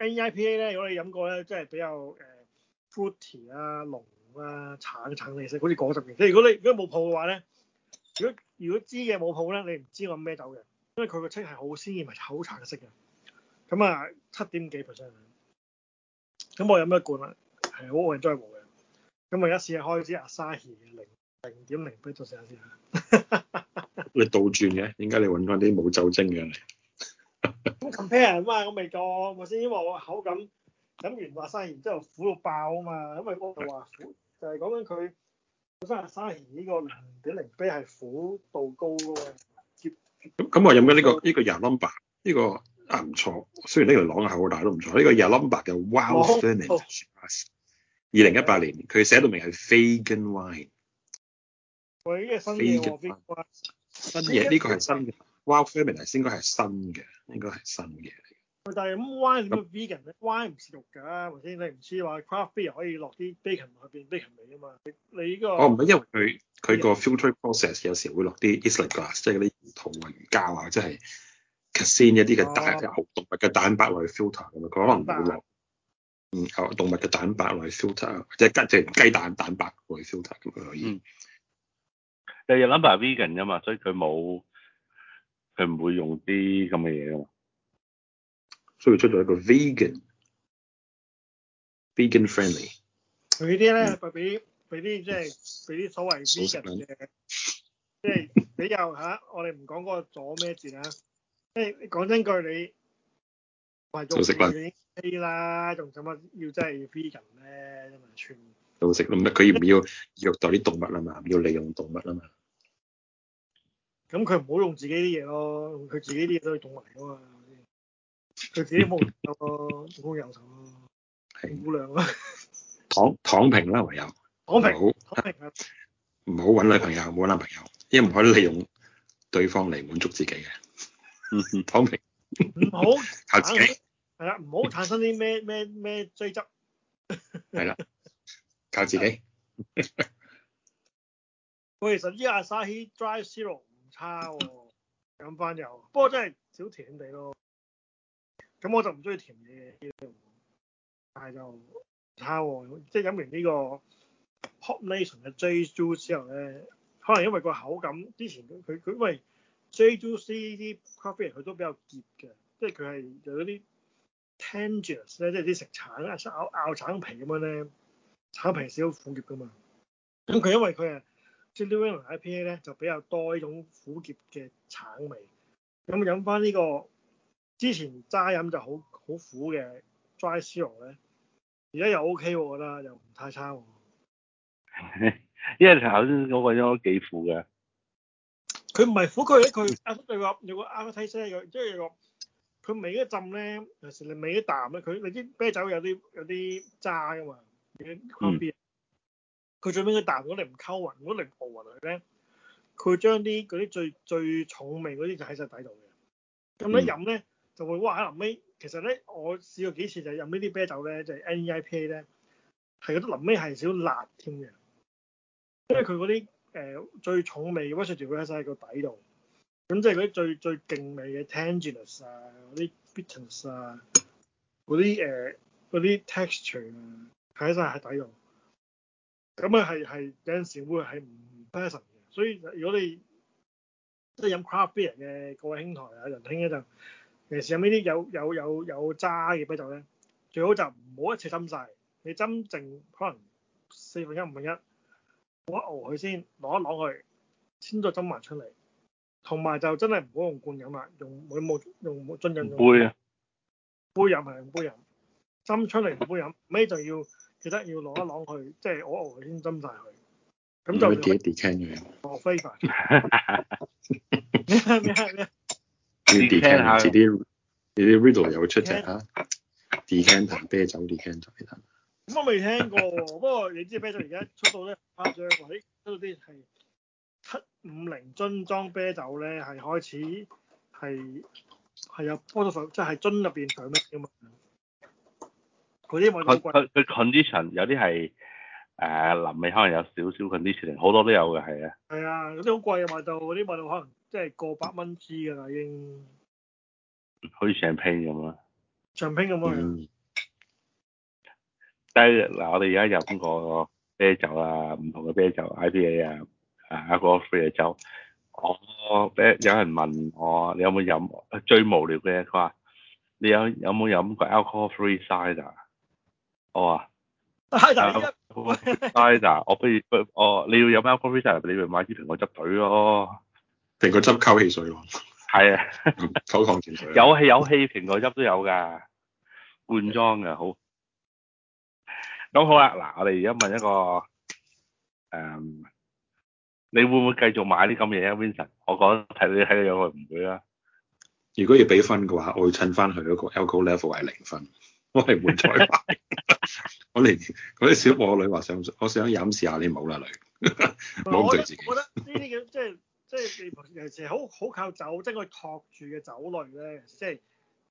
，NEIPA 咧，如果你飲過咧，真係比較誒 fruity 啊、濃啊、橙橙啲色，好似果汁咁。你如果你如果冇泡嘅話咧，如果如果支嘢冇泡咧，你唔知我咩豆嘅，因為佢個色係好鮮豔，係好橙色嘅。咁啊，七點幾 percent，咁我飲一罐啊？係好 enjoy 嘅。咁我而家試，試，開 0, 0 .0 試，試下開支阿沙奇嘅零零點零杯，做試下先啦，你倒轉嘅？點解你揾返啲冇酒精嘅嚟？咁 compare 啊嘛，我未講，我先因為我口感飲完阿沙然之後苦到爆啊嘛，因為我就話苦就係講緊佢本身阿沙呢個零點零杯係苦度高嘅喎。咁咁我飲緊呢個呢個廿 number 呢個。這個 Yanumber，這個啊，唔錯，雖然呢條朗口大都唔錯。呢、這個 Yalumba 嘅 Wild Feminines，二零一八年佢寫到明係《Vegan Wine》。佢嘅新嘢，呢個係新嘅，呢個係新嘅。Wild Feminines 應該係新嘅，應該係新嘅。但係，Wine 唔知，Wine 唔食肉㗎，或者你唔知話，Craft 不如可以落啲 Vegan 落去變？Vegan 味吖嘛？你呢個我唔係因為佢個 Filter Process，有時會落啲 Isinglass，即係啲圖啊、魚膠啊，即係。先一啲嘅蛋，動物嘅蛋白類 filter，佢可能唔會用。嗯，動物嘅蛋白類 filter，或者雞，即係雞蛋蛋白嚟 filter 嘅可以。嗯，日日諗 vegan 噶嘛，所以佢冇，佢唔會用啲咁嘅嘢啊嘛。所以出咗一個 vegan，vegan friendly。佢啲咧，畀畀啲即係畀啲所謂 vegan 嘅，即係比較嚇。就是、 我哋唔講嗰個左咩字啦。即講真句，你唔係素食已經 OK 啦，仲做乜要真係要 vegan 咧？真係串。都食都唔得，佢要唔要虐待啲動物啊嘛？要利用動物啊嘛？咁佢唔好用自己啲嘢咯，用佢自己啲嘢都係動物嚟㗎嘛！佢自己冇有咁 有手咯，冇糧咯，躺躺平啦，唯有躺平，躺平。唔好搵女朋友，唔好搵男朋友，因為唔可以利用對方嚟滿足自己嘅。嗯嗯，透唔好靠自己，係啦，唔好產生啲咩咩咩追執，係啦，靠自己。喂， 其實依家阿沙希 Drive Zero 唔差喎，哦，飲翻又，不過真係少甜地咯。咁我就唔中意甜嘢呢度，但係就唔差喎，哦，即係飲完呢個 Hop Nation 嘅 J Juice 之後咧，可能因為個口感之前佢佢佢因 J2C 呢啲咖啡佢都比較澀嘅，即係佢係有啲 tangyness 咧，即係啲食橙咧，咬咬橙皮咁樣咧，橙皮少苦澀噶嘛。咁佢因為佢啊，即係 l i IPA 咧就比較多呢種苦澀嘅橙味。咁飲翻呢個之前齋飲就好好苦嘅 dry solo 咧，而家又 OK 喎，我覺得又唔太差喎。 因為頭先我覺得幾苦嘅。佢唔係苦，佢佢阿叔有個有個 advertisement 即係有個佢味一浸咧，有時你味一啖咧，佢你啲啤酒有啲有啲渣噶嘛，啲 carbon 佢最屘佢淡，如果你唔溝勻，如果你唔泡勻佢咧，佢將啲嗰啲最最，最重味嗰啲就喺曬底度嘅。咁一飲咧，就會哇喺臨尾，其實咧我試過幾次就飲呢啲啤酒咧，就 NEIPA 咧，係覺得臨尾係少辣添嘅，因為佢嗰啲。誒最重味嘅，which 全部喺晒個底度。咁即係嗰啲最最勁味嘅 tanginess 啊，嗰啲 bitterness 啊，嗰啲誒啲 texture 啊，喺晒喺底度。咁啊係係有陣時會係唔 passion 嘅。所以如果你即係飲 craft beer 嘅各位兄台啊、仁兄咧，就尤其是飲呢啲有有有有，有渣嘅啤酒咧，最好就唔好一齊斟晒，你真正可能四分一、五分一。我一熬佢先，攞一攞佢，先再斟埋出嚟。同埋就真係唔好用罐飲啦，用每木用樽飲。杯啊！杯飲係用杯飲，斟出嚟用杯飲，咩就要記得要攞一攞佢，即係我熬佢先斟晒佢。咁就。可以 decant 嘅？莫非凡。咩咩咩？decant 下，自己你啲 riddle 又出正啊？decant 同啤酒 decant 就嚟啦。Dekan, 咁 我未聽過喎，不過你知啤酒而家出到咧好誇張喎，啲出到啲係七五零樽裝啤酒咧係開始係係啊，多到手即係樽入邊上乜嘅嘛？佢啲咪好貴，佢佢 condition 有啲係誒，臨、呃、尾可能有少少 condition，好多都有嘅，係啊。係啊，嗰啲好貴嘅買就嗰啲買到可能即係過百蚊支㗎啦，已經。好似成片咁啊！橡片咁啊～、嗯嗱，我哋而家飲個啤酒啊，唔同嘅啤酒，IPA 啊，啊，alcohol free 嘅酒。哦，有人問我，你有冇飲？最無聊嘅，佢話你有有冇飲過 alcohol free cider？我話嗨大，cider！我不如哦，你要飲 alcohol free cider? 你要 alcohol free cider，你咪買支蘋果汁兌咯，蘋果汁溝汽 水咯。係啊，溝糖泉水有氣，有氣蘋果汁都有㗎，罐裝嘅，好。咁好啦，嗱，我哋而家問一個、um, 你會唔會繼續買啲咁嘢咧，Vincent？我講睇你睇個樣，我唔會啦。如果要俾分嘅話，我會襯翻佢嗰個 alcohol level 係零分，我係換彩買。 我連嗰啲小惡女話想，我想飲試下你冇啦女，冇對住自己。我覺得呢啲叫即係即係，有、 就是就是、時好好靠酒精去托住嘅酒類咧，即、就、係、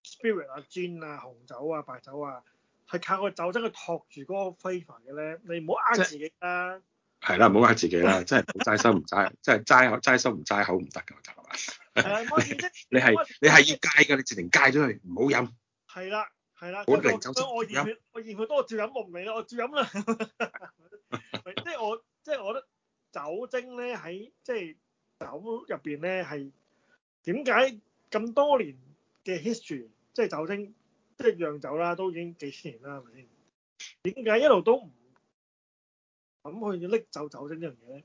是、spirit 啊、gin 啊、紅酒啊、白酒啊。係靠個酒精去托住嗰個揮發嘅咧，你唔好呃自己啦。係啦，唔好呃自己啦，真係唔好齋心唔齋，真係齋齋心唔齋口唔得㗎，得啦嘛。係啊，我即係你係你係要戒㗎，你直情戒咗佢，唔好飲。係啦，係啦。我唔明酒精，我熱血，我熱血多照飲，我唔明啦，我照飲啦。即係我，即係我覺得酒精咧喺即係酒入邊咧係點解咁多年嘅 history 即係酒精？即係釀酒啦，都已經幾千年啦，係咪先？點解一路都唔咁去拎走酒精呢樣嘢咧？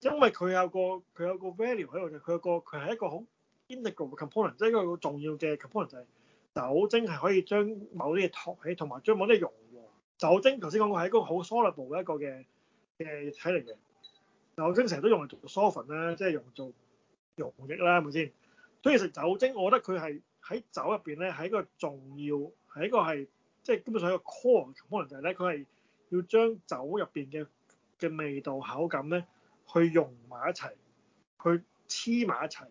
因為佢有個佢有個 value 喺度嘅，佢有個佢係一個好 integral component，即係一個好重要嘅 component 就係酒精係可以將某啲嘢託起，同埋將某啲溶和。酒精頭先講過係一個好 soluble 嘅一個嘅嘅液體嚟嘅。酒精成日都用嚟做 solvent 啦，即係用做溶液啦，係咪先？所以其實酒精，我覺得佢係。喺酒入邊咧，係一個重要，係一個係即係基本上一個 core，可能就係咧，佢係要將酒入邊嘅嘅味道、口感咧，去融埋一齊，去黐埋一齊，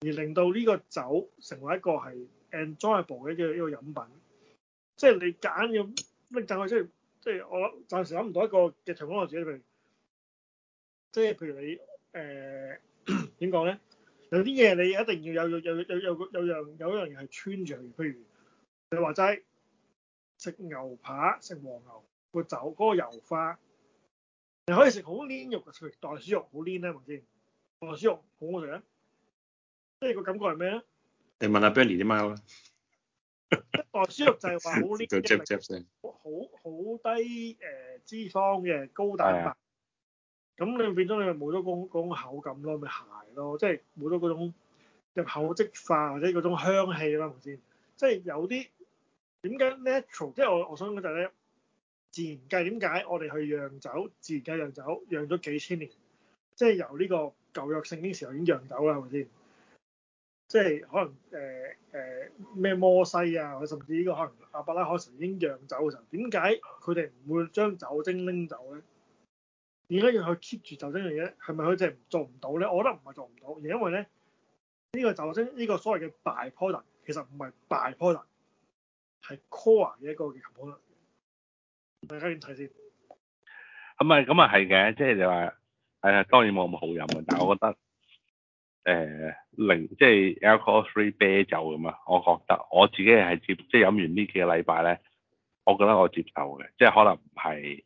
而令到呢個酒成為一個係 enjoyable 嘅一個飲品。即係你夾硬要拎掙佢出嚟，即係我暫時諗唔到一個嘅情況，我自己嚟，即係譬如你誒點講咧？呃有啲嘢你一定要有有有有有有，有，有，有樣有樣嘢係穿住，譬如你話齋食牛扒食黃牛酒個肘嗰個油花，你可以食好黏肉嘅，食袋鼠肉好黏咧，咪先袋鼠肉好唔好食咧？即係個感覺係咩咧？你問下 Bernie 啲貓啦，袋鼠肉就係話好黏，好好低誒脂肪嘅高蛋白。咁你變咗你咪冇咗嗰嗰種口感咯，咪鞋咯，即係冇咗嗰種入口即化或者嗰種香氣啦，係咪先？即係有啲點解 natural？即係我我想講就係咧，自然界點解我哋去釀酒，自然界釀酒釀咗幾千年，即係由呢個舊約聖經時候已經釀酒啦，係咪先？即係可能誒誒咩摩西啊，或者甚至呢個可能亞伯拉罕神已經釀酒嘅時候，點解佢哋唔會將酒精拎走咧？而家要去 keep 住酒精嘅嘢咧，係咪佢就係做唔到咧？我覺得唔係做唔到，而因為咧呢、呢個酒精呢、呢個所謂嘅 by-product，其實唔係 by-product，係 core 嘅一個嘅 component。大家點睇先？咁咪咁咪係嘅，即係你話係啊，當然冇咁好飲，但係我覺得誒、呃、零即係、即係、alcohol-free 啤酒咁啊，我覺得我自己係接即係飲完呢幾個禮拜咧，我覺得我接受嘅，即、即、係、係、可能唔係。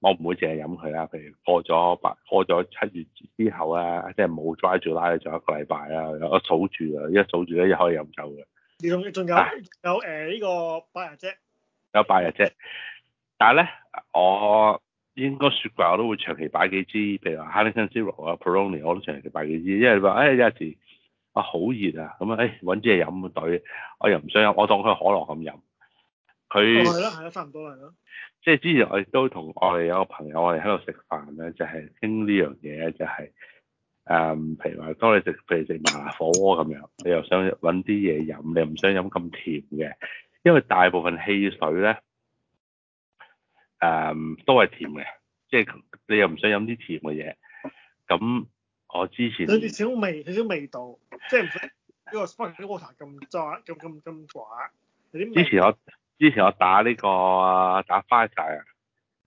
我唔會淨係飲佢啦。譬如過咗八，過咗七月之後啊，即係冇 dry to line 咗一個禮拜啦。我數住啊，一數住咧，又可以飲酒嘅。你仲有有誒呢個八日啫？有八日啫。但係咧，我應該雪櫃，我都會長期擺幾支，譬如話 Henderson Zero 啊、Peroni 我都長期擺幾支，因為話誒、哎、有時啊好熱啊，咁啊誒揾支嚟飲對，我又唔想飲，我當佢可樂咁飲。佢係咯係咯，差唔多啦，係咯。即係之前我亦都同我哋有個朋友，我哋喺度食飯咧，就係傾呢樣嘢就係、係、誒、嗯，譬如話，當你食譬如食麻辣火鍋咁樣，你又想搵啲嘢飲，你又唔想飲咁甜嘅，因為大部分汽水咧誒、嗯、都係甜嘅，即係你又唔想飲啲甜嘅嘢。咁我之前有啲小味，有啲味道，即係唔想呢個 sparkling water 咁咁咁咁寡。之前我。之前我打呢、呢個打花曬啊！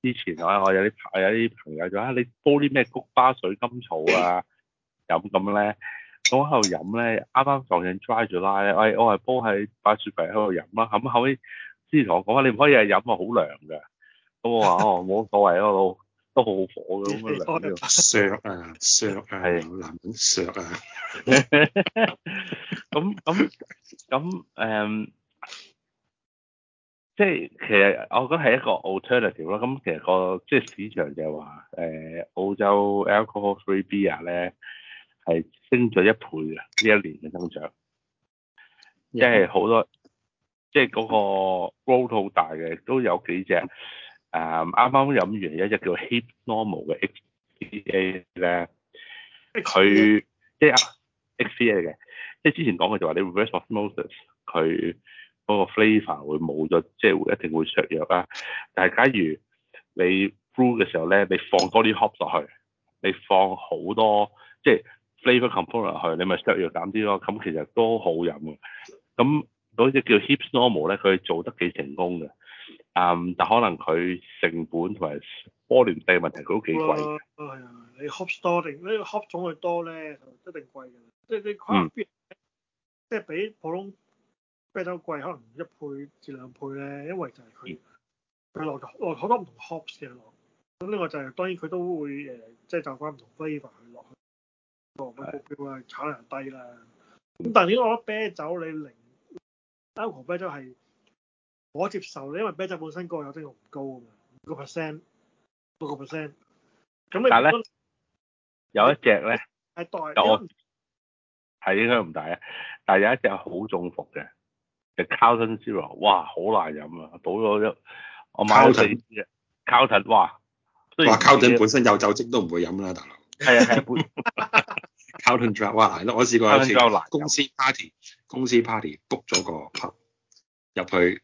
之前我我有啲我有啲朋友就話： 你煲啲咩菊花水甘草啊飲咁咧，咁喺度飲咧，啱啱撞正 dry 住拉咧，我我係煲喺擺雪櫃喺度飲啊。」咁後尾，之前同我講話，你唔可以係飲啊，好涼嘅。咁我話：哦，冇所謂啊，老都，都好火嘅，咁樣涼嘅。灼啊灼啊，係好難灼啊。咁咁咁誒。即係其實我覺得係一個 alternative 咯。咁其實、那個即係、就是、市場就話誒澳洲 alcohol free beer 咧係升咗一倍啊，呢一年嘅增長。Yeah. 即係好多即係嗰個 growth 好大嘅，都有幾隻誒啱啱飲完一隻叫 Heap Normal 嘅 XPA 咧。佢即係 XPA 嘅。即係之前講嘅就話你 reverse osmosis 佢。嗰、那個 flavor 會冇咗，即係會一定會削弱啊！但係假如你 brew 嘅時候咧，你放多啲 hop 落去，你放好多即係 flavor component 落去，你咪削弱減啲咯。咁其實都好飲嘅。咁嗰隻叫 Heaps Normal 咧，佢做得幾成功嘅。嗯，但可能佢成本同埋波聯比問題，佢都幾貴。係啊，你 hop storing 呢 hop 種嘅多咧，一定貴嘅。即係你靠邊？即係比普通。啤酒貴可能一倍至兩倍咧，因為就係佢佢落落好多唔同 hops 嘅落。咁另外就係當然佢都會誒，即係就翻、是、唔同 flavour 去落。個目標係炒量低啦。咁但係你覺得啤酒你零 alcohol 啤酒係我接受你，因為啤酒本身個酒精度唔高啊嘛，五個 percent，六個 percent。咁但唔通有一隻咧？係代我係應該唔大嘅，但係有一隻好中伏嘅。就 Carlton 哇，好難飲啊！倒咗一我買 Carlton 哇，雖然哇 Carlton 本身有酒精都唔會飲啦、啊，大佬係啊係 Carlton 哇，嗱我試過有次公司，party，公司 party，公司 partybook 咗個 pop 入、嗯、去，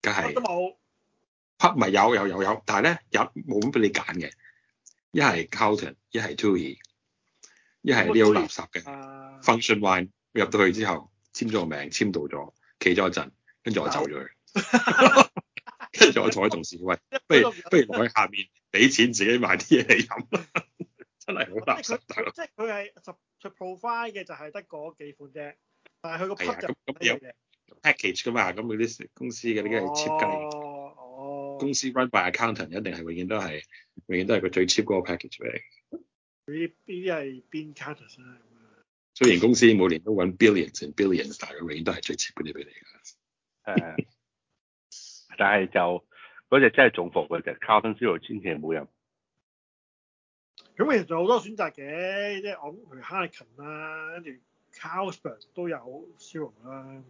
梗係都冇 pop 咪有有有有，有，但係咧入冇咁俾你揀嘅，一係 Carlton 一係 Tui，一係呢好垃圾嘅、就是、function wine 入到去之後簽咗名，簽到咗。企咗一陣，跟住我走咗佢。 跟住我坐喺同事喂，不如 不如我喺下面俾錢自己買啲嘢嚟飲。真係好垃圾。即係佢係十出 provide 嘅就係得嗰幾款啫，但係佢個 pack 就咁樣嘅。Package 㗎嘛，咁嗰啲公司嘅呢啲係 cheap 雞。哦哦，哦。公司 run by accountant 一定係永遠都係永遠都係佢最 cheap 嗰個 package 俾你。嗰啲係 bean counters 雖然公司每年都揾 billions and billions，大嘅永遠都係最 cheap 啲俾你㗎。誒、uh, 但、那、係、個、就嗰隻真係中毒嗰隻，carbon zero，千祈唔好飲。咁其實好多選擇嘅，即係我譬如 h a k i n 啦，跟住 Casper 都有 zero 啦，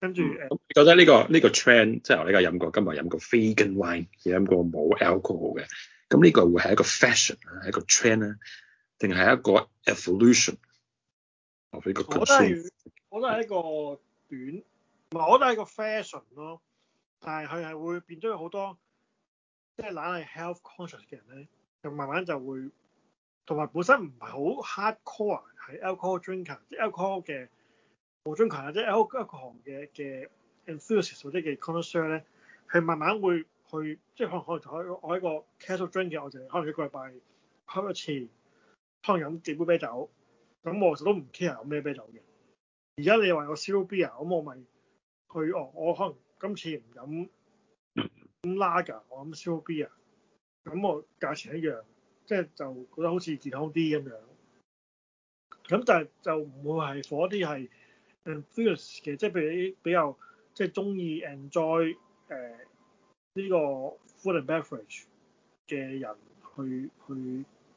跟住誒。覺得呢、這個呢、這個 trend，即係我呢家飲過，今日飲過 vegan wine，飲過冇 alcohol 嘅。咁呢個會係一個 fashion 啊，係一個 trend 咧、啊，定係一個 evolution？我，我都係，我都係一個短，唔係，我都係一個 fashion 咯。但係佢係會變咗好多，即係懶係 health conscious 嘅人咧，就慢慢就會同埋本身唔係好 hard core 係 alcohol drinker，即係 alcohol 嘅豪中羣啊，即係 alcohol 嘅嘅 enthusiast 啲嘅 connoisseur 咧，佢慢慢會去，即係可能我個 casual drinker，我就可能喺個 casual drink 嘅我哋，可能一個禮拜開一次，可能飲幾杯啤酒。咁我其實都唔 care 有咩啤酒嘅。而家你話我 COB 啊，咁我咪去哦，我可能今次唔飲 lager，我飲 COB 啊。咁 我， 我，價錢一樣，即係就覺得好似健康啲咁樣。咁但係就唔會係火啲係 enthusiast 嘅，即係譬如比較即係中意 enjoy 誒、uh, 呢個 food and beverage 嘅人去去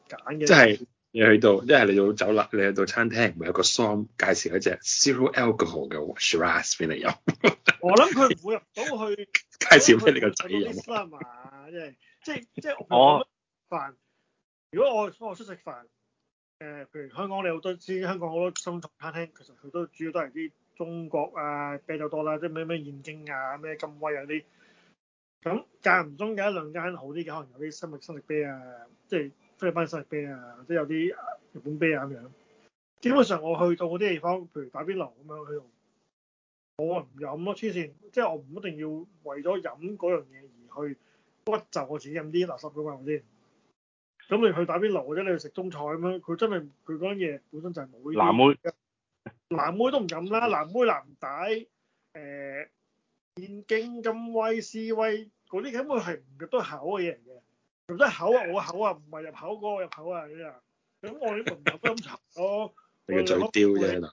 揀嘅。 就是你去到，一係你走到酒樓，你去到餐廳，唔係有個 some 介紹一隻 zero alcohol 嘅 shiraz 俾你飲？ 我諗佢唔會入到去介紹俾你個仔飲。啲 s 即係即係即係我飯。Oh. 如果我我出食飯誒、呃，譬如香港你好多，知香港好多新同餐廳，其實佢都主要都係啲中國啊啤酒多啦，即係咩咩燕京啊、咩金威啊啲。咁間唔中嘅一兩間好啲嘅，可能有啲新嘅生力啤啊，即係。菲律賓西式杯啊，即係有啲日本啤啊咁樣。基本上我去到嗰啲地方，譬如打邊爐咁樣，我唔飲咯，黐線。即係我唔一定要為咗飲嗰樣嘢而去屈就我自己飲啲垃圾嘅嘛先。咁你去打邊爐或者你去食中菜咁樣，佢真係佢嗰樣嘢本身就係冇呢啲。藍妹，藍妹都唔飲啦，藍妹藍帶，誒、呃，燕京金威 C 威嗰啲根本係唔入得口嘅嘢。唔得口啊！我口啊，唔係入口嗰個、啊、入口啊， 我口你 我、就是就是、啊，咁我唔入都咁咯？我你嘴刁啫嗱，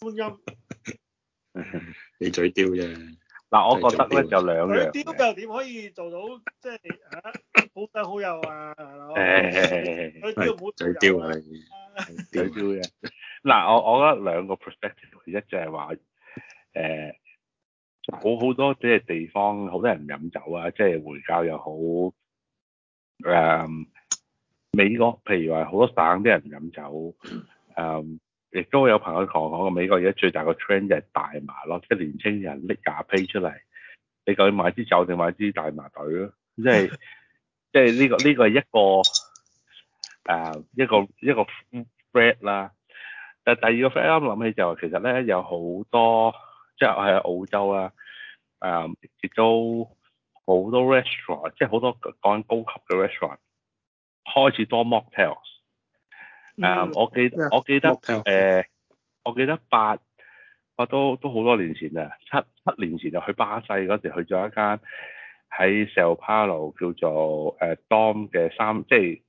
觀音，你嘴刁啫嗱，我覺得咧就兩樣，嘴刁又點可以做到即係好得好友啊？誒，你唔好嘴刁啊！嘴刁啫嗱，我我覺得兩個 perspective，一就係話誒，好、欸、好多即係地方好多人飲酒啊，即、就、係、是、回教又好。誒、um, 美國譬如話好多省啲人唔飲酒。誒、嗯、亦、um, 都有朋友同我講過美國而家最大個 trend 就係大麻咯，即、就、係、是、年青人拎廿批出嚟，你究竟買支酒定買支大麻袋咯？即係即係呢個呢、這個係一個誒、uh, 一個一個 fate 啦，但第二個 fate 啱諗起就係其實咧有好多即係我喺澳洲啊誒亦都。好多 restaurant，即係好多講緊高級嘅 restaurant 開始多 mocktails。啊，我記我記得誒、yeah. yeah. 呃，我記得八我、啊、都都好多年前啊，七七年前就去巴西嗰時去咗一間喺 Sao Paulo 叫做誒 Dom 嘅三，即係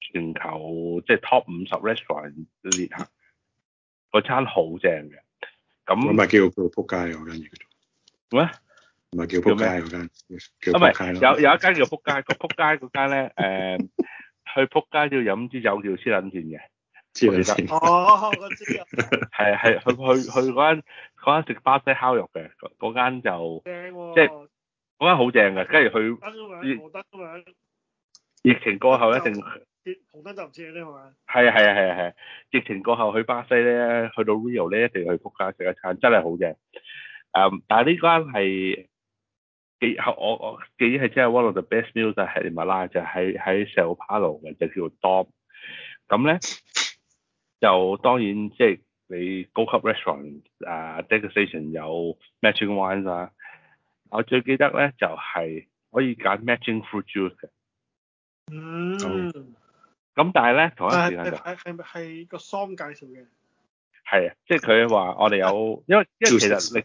全球即係 Top 五十 restaurant 列下，嗰餐好正嘅。咁，我咪叫佢仆街嗰間嘢叫做咩？唔係叫仆街嗰間，叫唔係有有一間叫仆街，個仆街嗰間咧誒，去仆街都要飲支酒叫黐捻線嘅，知唔知？哦，我知，係係去去去嗰間嗰間食巴西烤肉嘅嗰嗰間就正，即係嗰間好正嘅，跟住去燈啊嘛，紅燈啊嘛，疫情過後一定紅燈就唔知嗰啲係嘛？係啊係啊係啊係！疫情過後去巴西咧，去到 Rio 咧一定去仆街食一餐，真係好正。嗯，但係呢間係。記我我記憶係真係 one of the best meals 就係咪啦？就喺喺聖保帕羅嘅就叫 Dom。咁咧就當然即係你高級 restaurant 啊、uh，decoration 有 matching wines 啦、啊。我最記得咧就係、是、可以揀 matching fruit juice 嘅。嗯。咁、嗯、但係咧同一時間就係咪係個 Song 介紹嘅。係啊，即係佢話我哋有，因為因為其實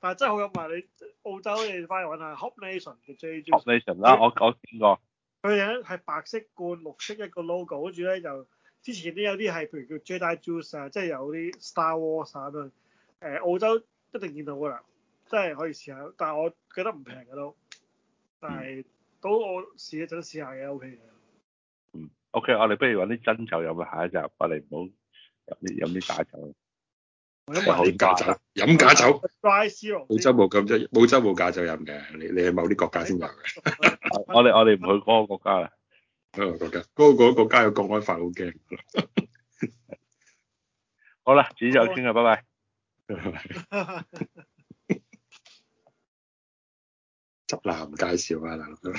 但係真係好飲埋你澳洲，你快去揾下 Hop Nation 嘅 Jedi Juice。Hop Nation 啦，我我見過。佢哋咧係白色罐，綠色一個 logo，好似咧就之前都有啲係譬如叫 Jedi Juice 啊，即係有啲 Star Wars 啊咁樣。誒，澳洲一定見到㗎啦，真係可以試下。但係我覺得唔平嘅都，但係都我試，試一陣試下嘅 O K 嘅。嗯，O K，我哋不如揾啲真酒飲啦，下一集我哋唔好飲啲飲啲假酒。飲假酒，飲假酒。澳洲冇咁啫，澳洲冇假酒飲嘅。你你係某啲國家先有嘅。我哋我哋唔去嗰個國家啦。嗰個國家，嗰個國家有國安法，好驚。好啦，主持就傾啦，拜拜。執男介紹啊，男六哥。